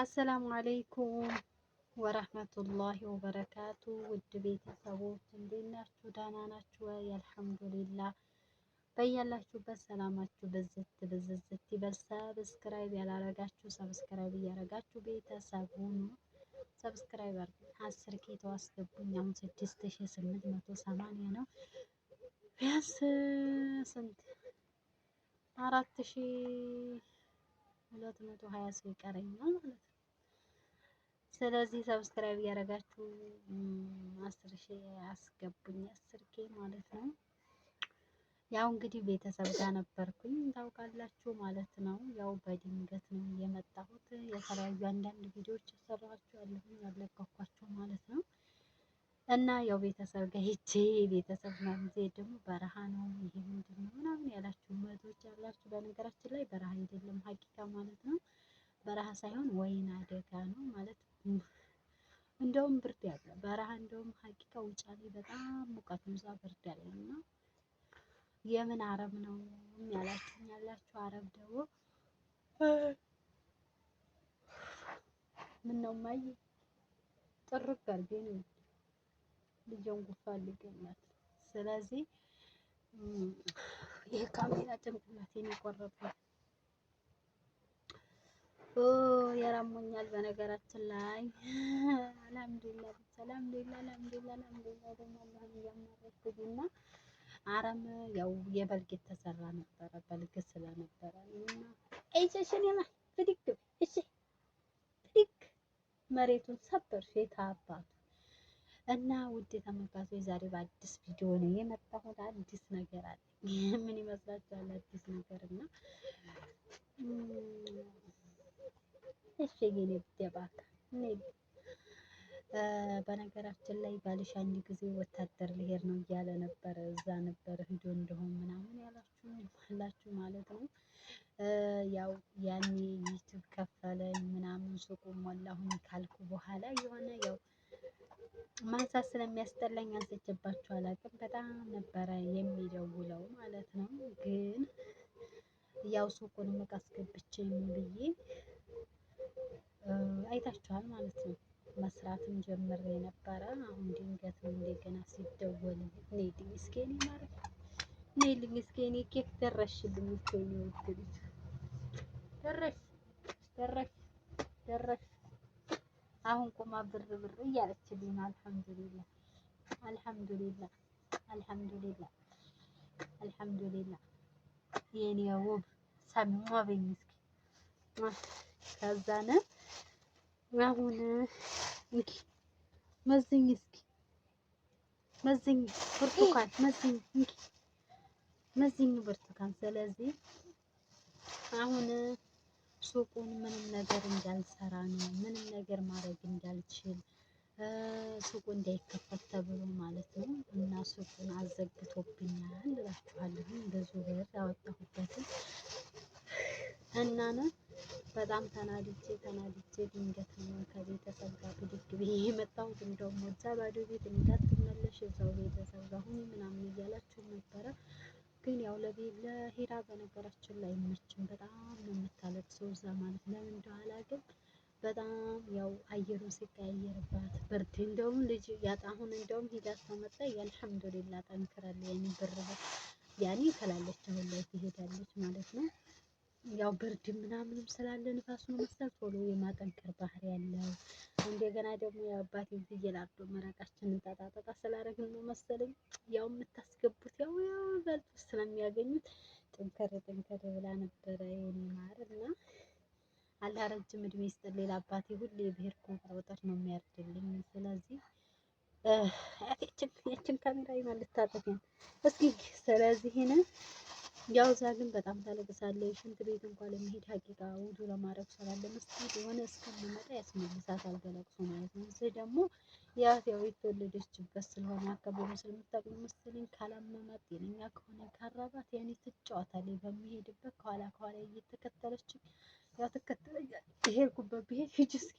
አሰላሙ አለይኩም ወረህመቱላሂ ወበረካቱ። ውድ ቤተሰቦች እንዴት ናችሁ? ደህና ናችሁ ወይ? አልሐምዱሊላ። በያላችሁበት ሰላማችሁ ብዝት ብዝዝት ይበል። ሰብስክራይብ ያላረጋችሁ ሰብስክራይብ እያረጋችሁ ቤተሰብ ሁኑ። ሰብስክራይብ አድርጉኝ። አስር ኬቶ አስገቡኝ። አሁን ስድስት ሺ ስምንት መቶ ሰማንያ ነው። ቢያንስ ስንት አራት ሺ ሁለት መቶ ሀያ ሰው ይቀረኛል ማለት ነው ስለዚህ ሰብስክራይብ እያደረጋችሁ አስር ሺህ አስገቡኝ፣ አስር ኬ ማለት ነው። ያው እንግዲህ ቤተሰብ ጋር ነበርኩኝ ታውቃላችሁ ማለት ነው። ያው በድንገት ነው የመጣሁት። የተለያዩ አንዳንድ ቪዲዮዎች ሰራኋቸዋለሁ ያለቀኳቸው ማለት ነው። እና ያው ቤተሰብ ጋር ሄጄ ቤተሰብ ጊዜ ደግሞ በረሃ ነው ይሄ ምንድን ነው ምናምን ያላችሁ እህቶች ያላችሁ፣ በነገራችን ላይ በረሃ አይደለም ሀቂቃ ማለት ነው። በረሃ ሳይሆን ወይና ደጋ ነው ማለት ነው። እንደውም ብርድ ያለ በረሃ እንደውም ሀቂቃ ውጫሌ በጣም ሙቀት ነው። እዛ ብርድ ያለ እና የምን አረብ ነው ያላችሁኝ ያላችሁ አረብ ደግሞ ምን ነው ማይ ጥርት አድርጌ ነው ልጄን ጉንፋን ሊገላት። ስለዚህ ይህ ካሜራ የሚቆረጥ ነው። ያራሞኛል። በነገራችን ላይ አልሐምዱሊላ ብቻ አልሐምዱሊላ አልሐምዱሊላ አልሐምዱሊላ ደግሞ አላህን እያመረኩኝ እና አረም ያው የበልግ የተሰራ ነበረ በልግ ስለነበረ እና አይጨሽን ብድግ እሺ ብድግ መሬቱን ሰበር ሴት እና ውድ ተመልካቾች ዛሬ በአዲስ ቪዲዮ ነው የመጣሁት። አዲስ ነገር አለ። ምን ይመስላችኋል? አዲስ ነገር እና እሸጌ ደባል በነገራችን ላይ ባልሽ አንድ ጊዜ ወታደር ሊሄድ ነው እያለ ነበረ። እዛ ነበረ ሂዶ እንደሆን ምናምን ያላችሁ አላችሁ ማለት ነው። ያው ያኔ ዩቲዩብ ከፈለኝ ምናምን ሱቁ ሞላሁኝ ካልኩ በኋላ የሆነ ያው ማንሳት ስለሚያስጠላኝ አንስቼባችሁ አላውቅም። በጣም ነበረ የሚደውለው ማለት ነው። ግን ያው ሱቁን ምቅ አስገብቼ ምን ብዬ ነይልኝ እስኪ ማለት ነይልኝ እስኪ ኬክ ደረሽልኝ እኮ ነው የምትሉት። ደረሽ ደረሽ ደረሽ አሁን ቁማ ብር ብር እያለችልኝ ነው። አልሐምዱሊላ አልሐምዱሊላ አልሐምዱሊላ አልሐምዱሊላ የኔ ውብ ሳሚዋ በኝ ከዛነ አሁን እንኪ መዝኝ እስኪ መዝኝ ብርቱካን መዝኝ እንኪ መዝኝ ብርቱካን። ስለዚህ አሁን ሱቁን ምንም ነገር እንዳልሰራ ነው፣ ምንም ነገር ማድረግ እንዳልችል ሱቁ እንዳይከፈት ተብሎ ማለት ነው። እና ሱቁን አዘግቶብኛል እላችኋለሁ። ብዙ ብር ያወጣሁበትን እና ነው በጣም ተናድጄ ተናድጄ ድንገት ነው ከቤተሰብ ጋር ብድግ ብዬ የመጣሁት። እንደውም ወዛ ባዶ ቤት እንዳትመለሽ እዛው ቤተሰብ ጋር ሁኚ ምናምን እያላችሁ ነበረ። ግን ያው ለሄዳ በነገራችን ላይ ምርችን በጣም ነው የምታለቅሰው እዛ ማለት ለምን እንደኋላ ግን በጣም ያው አየሩን ሲቀያየርባት ብርድ እንደውም ልጅ ያጣ አሁን እንደውም ሂዳ ተመጣ የአልሐምዱሊላ ጠንክራለች። ያኔ ብር ያኔ ትላለች አሁን ላይ ትሄዳለች ማለት ነው። ያው ብርድ ምናምንም ስላለ ንፋሱን መሰል ቶሎ የማጠንከር ባህሪ ያለው እንደገና ደግሞ የአባቴ ፍየል አርዶ መረቃችንን ጠጣጠጣ ስላደረግን ነው መሰለኝ ያው የምታስገቡት ያው ያው በልቶ ስለሚያገኙት ጥንከር ጥንከር ብላ ነበረ የኔ ማር እና አላህ ረጅም እድሜ ይስጥል። ሌላ አባቴ ሁሌ ብሄር ኮምፒውተር ነው የሚያርድልኝ። ስለዚህ ያችን ካሜራ ይማል ልታጠፊ ነው እስኪ ስለዚህን ያው እዛ ግን በጣም ታለቅሳለች። ሽንት ቤት እንኳን ለመሄድ ሀቂቃ ውዱ ለማድረግ ስላለ መስጊድ የሆነ እስከሚመጣ ያስመልሳታል በለቅሶ ማለት ነው። እዚህ ደግሞ ያው ያው የተወለደችበት ስለሆነ አካባቢ ስለምታውቅ መሰለኝ ካላመማ ጤነኛ ከሆነ ካራባት ያኔ ትጫወታለች። በሚሄድበት ከኋላ ከኋላ እየተከተለች ያው ትከተለኛል። የሄድኩበት ብሄድ ሂጂ እስኪ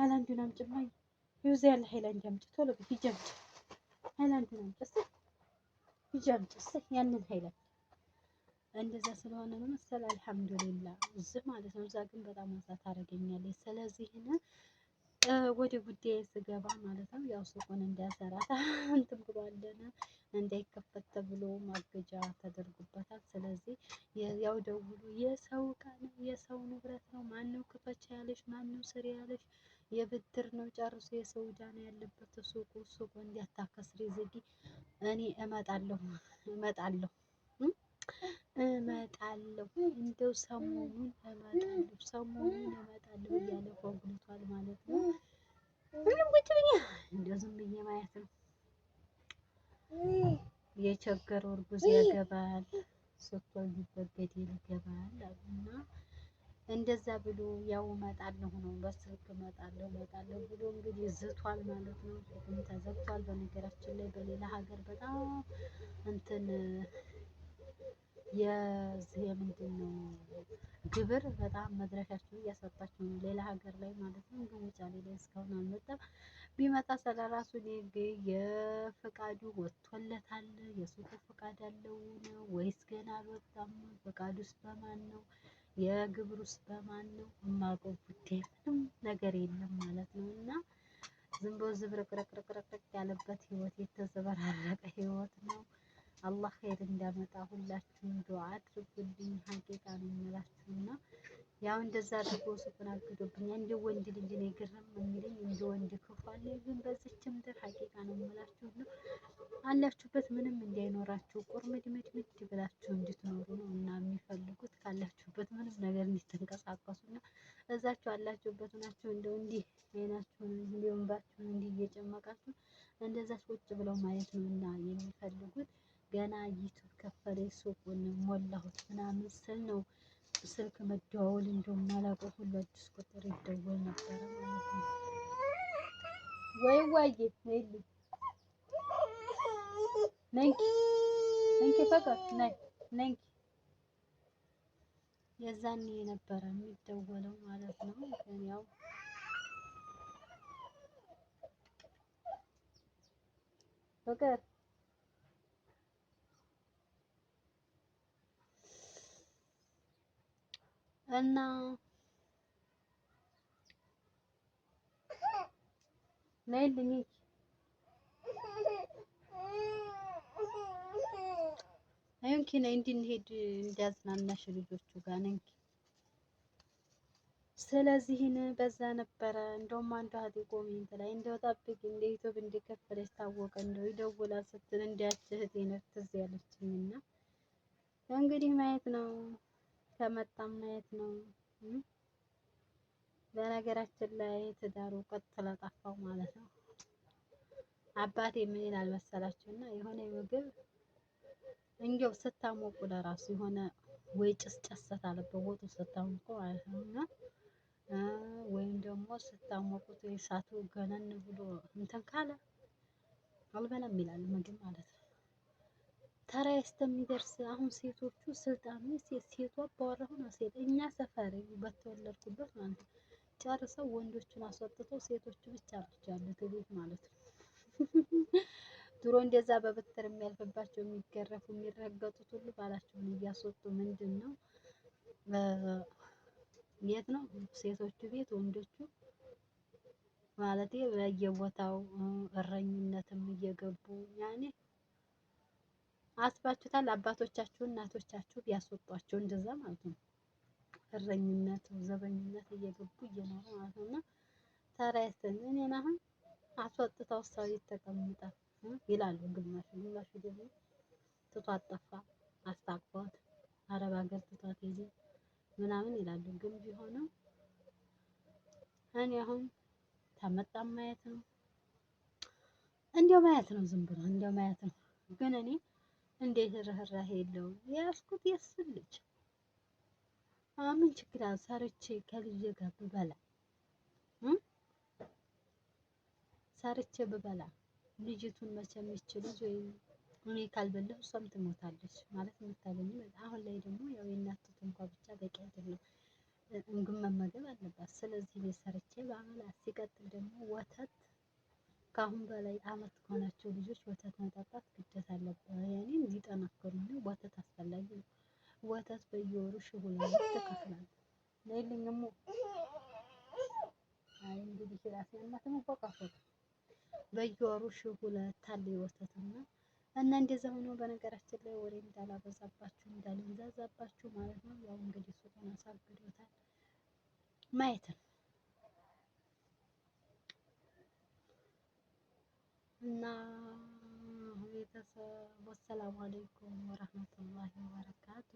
ሀይላንዱን አምጪማ ይውዛ ያለ ሀይላንድ አምጪ ቶሎ ሂጂ አምጪ ሀይላንዱን አምጪ እስኪ ሂጂ አምጪ እስኪ ያንን ሀይላንድ እንደዛ ስለሆነ ነው መሰል አልሐምዱሊላ እዚህ ማለት ነው። እዛ ግን በጣም ወዛ ታደርገኛለች። ስለዚህ ወደ ጉዳይ ስገባ ማለት ነው ያው ሱቁን እንዳያሰራ እንትን ብሏለን፣ እንዳይከፈት ተብሎ ማገጃ ተደርጎበታል። ስለዚህ ያው ደውሎ የሰው ዕቃ ነው የሰው ንብረት ነው ማነው ክፈች ያለሽ ማነው ስሪ ያለሽ የብድር ነው ጨርሶ የሰው ዕዳ ነው ያለበት ሱቁ ሱቁ እንዲያታከስሪ ዝጊ፣ እኔ እመጣለሁ እመጣለሁ እመጣለሁ እንደው ሰሞኑን እመጣለሁ ሰሞኑን እመጣለሁ እያለ ጓጉቷል ማለት ነው። ምንም ቁጭ ብዬ እንደው ዝም ብዬ ማየት ነው። የቸገረው እርጉዝ ያገባል ስትወልዱበት ገደል ይገባል አሉና እንደዛ ብሎ ያው እመጣለሁ ነው በስልክ እመጣለሁ እመጣለሁ ብሎ እንግዲህ ዝቷል ማለት ነው። ተዘግቷል። በነገራችን ላይ በሌላ ሀገር በጣም እንትን የዚህ የምንድነው ግብር በጣም መድረሻችን እያሳጣችሁ ነው። ሌላ ሀገር ላይ ማለት ነው። ውጭ ሀገር ላይ እስካሁን አልመጣም። ቢመጣ ስለ ራሱ የፈቃዱ ወጥቶለታል። የሱቁ ፈቃድ ያለው ነው ወይስ ገና አልወጣም? ፈቃዱስ በማን ነው? የግብሩስ በማን ነው? የማውቀው ምንም ነገር የለም ማለት ነው እና ዝም ብሎ ዝብርቅርቅርቅርቅ ያለበት ህይወት የተዘበራረቀ ህይወት ነው። አላህ ኸይር እንዳመጣ ሁላችሁም ዱዓ አድርጉልኝ። ሀቂቃ ነው የምላችሁ ያው እንደዛ አድርጎ ሱቁን አግዶብኛል። እንደ ወንድ ልጅ ነው ግርም የሚለኝ እንደ ወንድ ክፏል። ግን በዚች ምድር ሀቂቃ ነው የምላችሁ ነው አላችሁበት ምንም እንዳይኖራችሁ ቁርምድምድ ምድ ብላችሁ እንድትኖሩ ነው እና የሚፈልጉት ካላችሁበት ምንም ነገር እንድትንቀሳቀሱ እና እዛችሁ አላችሁበት ናችሁ እንደው እንዲህ አይናችሁን እንዲሁም ባችሁን እንዲህ እየጨመቃችሁ እንደዛች ቁጭ ብለው ማየት ነው እና የሚፈልጉት ገና ዩቱብ ከፈለኝ ሱቁን ሞላሁት ምናምን ስል ነው ስልክ መደዋወል እንደማላውቀው ሁሉ አዲስ ቁጥር ይደወል ነበረ ማለት ነው። ወይ ወይ ነይልኝ ነንኪ ነንኪ ፈቀቅ ነይ ነንኪ የዛን የነበረ የሚደወለው ማለት ነው። ግን ያው ፍቅር እና ነይልኝ እንኪ ነይ እንድንሄድ እንዲያዝናናሽ ልጆቹ ጋር ነኝ። ስለዚህን በዛ ነበረ። እንደውም አንዷ እህቴ ኮሜንት ላይ እንደው ጠብቂ እንደ ዩቲዩብ እንደከፈለች ታወቀ እንደው ይደውላል ስትል እንዲያች እህቴ ነች ትዝ ያለችኝ እንግዲህ ማየት ነው። ከመጣም ማየት ነው። በነገራችን ላይ ትዳሩ ቀጥ ስለጠፋው ማለት ነው። አባቴ ምን ይላል መሰላችሁ? እና የሆነ ምግብ እንዲያው ስታሞቁ ለራሱ የሆነ ወይ ጭስ ጨሰት አለበት ወጡ ስታሞቁ ማለት ነው እና ወይም ደግሞ ስታሞቁት እሳቱ ገነን ብሎ እንትን ካለ አልበላም ይላል ምግብ ማለት ነው። ተራ እስከሚደርስ አሁን ሴቶቹ ስልጣኑ ሴቷ አባወራ ሆና ሴት እኛ ሰፈር በተወለድኩበት ማለት ነው ጨርሰው ወንዶቹን አስወጥተው ሴቶቹ ብቻ ብቻ ያሉት ቤት ማለት ነው። ድሮ እንደዛ በበትር የሚያልፍባቸው የሚገረፉ የሚረገጡት ሁሉ ባላቸውን እያስወጡ ምንድን ነው የት ነው ሴቶቹ ቤት ወንዶቹ ማለት በየቦታው እረኝነትም እየገቡ ያኔ አስባችሁታል። አባቶቻችሁ እናቶቻችሁ ቢያስወጧቸው እንደዛ ማለት ነው። እረኝነት፣ ዘበኝነት እየገቡ እየኖሩ ማለት ነው እና ተራይተን እኔን አሁን አስወጥተው ሰው ተቀምጣ ይላሉ። ግማሹ ግማሹ ደግሞ ትቷት ጠፋ አስታቅፏት አረብ ሀገር ትቷት ሄደ ምናምን ይላሉ። ግን ቢሆንም እኔ አሁን ተመጣ ማየት ነው እንዲያው ማየት ነው ዝም ብሎ እንዲያው ማየት ነው ግን እኔ እንዴት ርህራሄ የለውም? የያዝኩት የእሱ ልጅ አምን ችግር ሰርቼ ከልጄ ጋር ብበላ ሰርቼ ብበላ ልጅቱን መቼም ይች ልጅ ወይ እኔ ካልበላሁ እሷም ትሞታለች ማለት የምታገኝ አሁን ላይ ደግሞ ያው የእናት ጡት እንኳ ብቻ በቂ አይደለም፣ ምግብ መመገብ አለባት። ስለዚህ እኔ ሰርቼ በአመላት ሲቀጥል ደግሞ ወተት ከአሁን በላይ አመት ከሆናቸው ልጆች ወተት መጠጣት ግዴታ አለበት። ያኔም ሊጠናከሩ ነው። ወተት አስፈላጊ ነው። ወተት በየወሩ ሺህ ሁለት ትከፍላለህ። ነይልኝ እሙ። አይ እንግዲህ ራስ ያማትም ቆቃፈት በየወሩ ሺህ ሁለት አለ እና እና እንደዛ ሆኖ በነገራችን ላይ ወሬ እንዳላበዛባችሁ እንዳልንዛዛባችሁ ማለት ነው። ያው እንግዲህ ሱቁን አሳግዶታል ማየት ነው። እና ቤተሰብ ወሰላሙ አለይኩም ወረህመቱላሂ ወበረካቱ።